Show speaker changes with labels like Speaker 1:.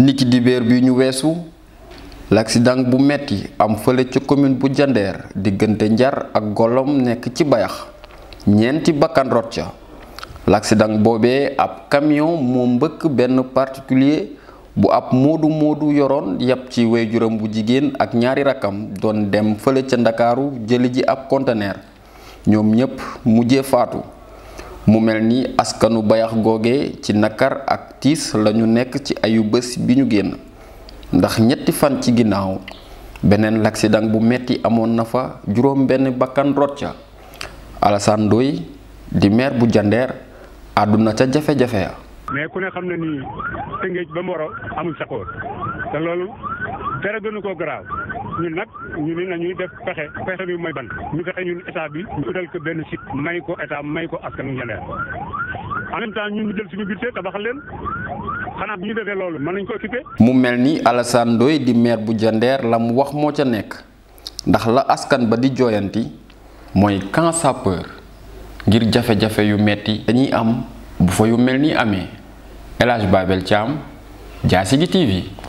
Speaker 1: ni ki bi ñu weesu l'accident bu metti am fële ca commune bu jandeer diggante njar ak golom nekk ci bayax ñeenti bakkan rot ca l'accident boobee ab camion moo mbëkk benn particulier bu ab moodu moodu yoroon yàpp ci waajuram bu jigéen ak ñaari rakkam doon dem fële ca ndakaaru jëli ji ab conteneur ñoom ñépp mujje faatu mu mel ni askanu bayax googe ci nakar ak tiis lañu nekk ci ayu bés bi ñu génn ndax ñetti fan ci ginnaaw beneen l'accident bu metti amoon na fa juróom benn bakkan rot ca Alassane di maire bu Jandeer àdduna ca jafe-jafe ya
Speaker 2: mais ku ne xam na ni Tëngéej ba Mboro amul saxoor te loolu dara gënu ko garaaw ñun nag ñu nañuy
Speaker 1: mu mel Alassane di maire bu la mu wax moo ca nekk ndax la askan ba di jooyanti mooy sa peur ngir jafe-jafe yu metti dañuy am bu fa yu mel ni amee El Hadj Babel Thiam TV.